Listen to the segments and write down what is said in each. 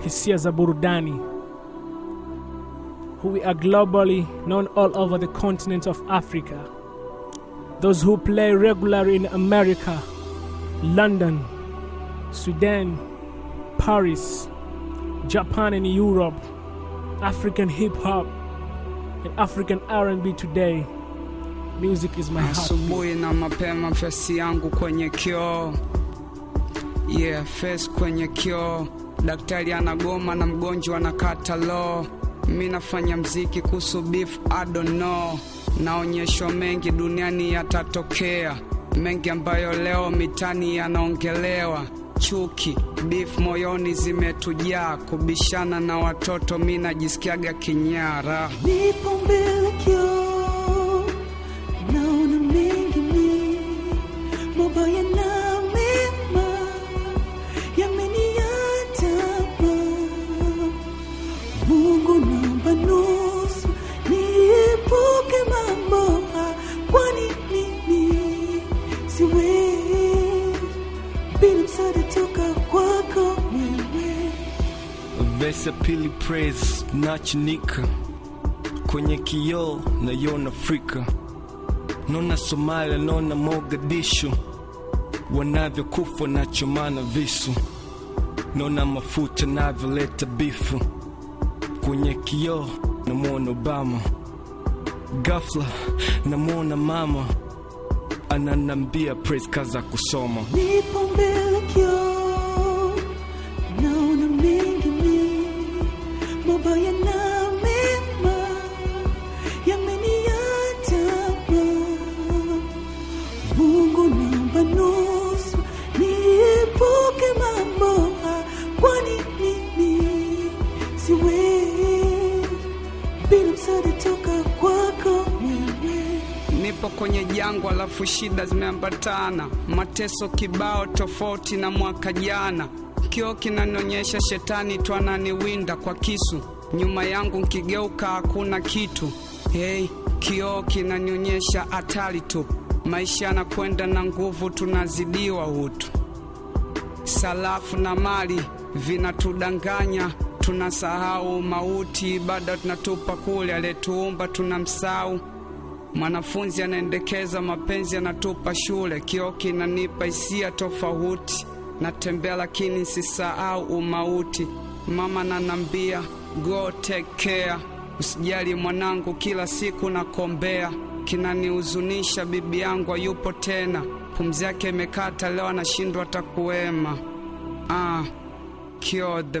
hisia za burudani who are globally known all over the continent of Africa. Those who play regularly in America, London, Sudan, Paris, Japan and Europe, African hip hop and African R&B today. Music is my asubuhi na mapema yangu kwenye Yeah, kwenye daktari anagoma na mgonjwa anakata lo. Mi nafanya mziki kuhusu beef, I don't know. Naonyeshwa mengi duniani yatatokea, mengi ambayo leo mitani yanaongelewa. Chuki beef moyoni zimetujaa, kubishana na watoto mi najisikiaga kinyara. Nipo mbele kio wanusu niepuke mamoha, kwani mimi siwezi bila msaada toka kwako wewe. Vesa pili praise nachinika kwenye kioo naiona Afrika, naona Somalia, naona Mogadishu wanavyokufa na chumana visu, naona mafuta navyoleta bifu kwenye kioo namwona Obama, ghafla namwona mama ananambia praise kaza kusoma nipo mbele kioo naona mengi ni mabaya kutoka kwako mimi. Nipo kwenye jangwa alafu shida zimeambatana, mateso kibao, tofauti na mwaka jana. Kioo kinanionyesha shetani twananiwinda kwa kisu, nyuma yangu nkigeuka hakuna kitu. Hey, kioo kinanionyesha hatari tu, maisha yanakwenda na nguvu, tunazidiwa utu, salafu na mali vinatudanganya tunasahau mauti, ibada tunatupa kule, aliyetuumba tunamsahau. Mwanafunzi anaendekeza mapenzi, anatupa shule, kioo kinanipa hisia tofauti, natembea lakini sisahau umauti. Mama nanambia go take care, usijali mwanangu, kila siku nakombea. Kinanihuzunisha bibi yangu hayupo tena, pumzi yake imekata leo, anashindwa takuwema Ah, kioo the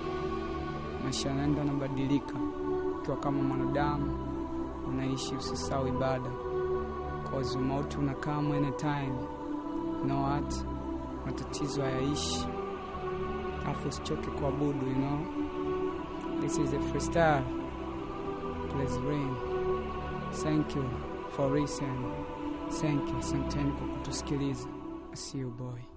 maisha yanaenda anabadilika. Ukiwa kama mwanadamu unaishi, usisau ibada, cause mauti unakama anytime. You know what, matatizo hayaishi, alafu usichoke kuabudu. You know this is a freestyle. Please rain. Thank you for reason Thank you. Asanteni kwa kutusikiliza. See you boy.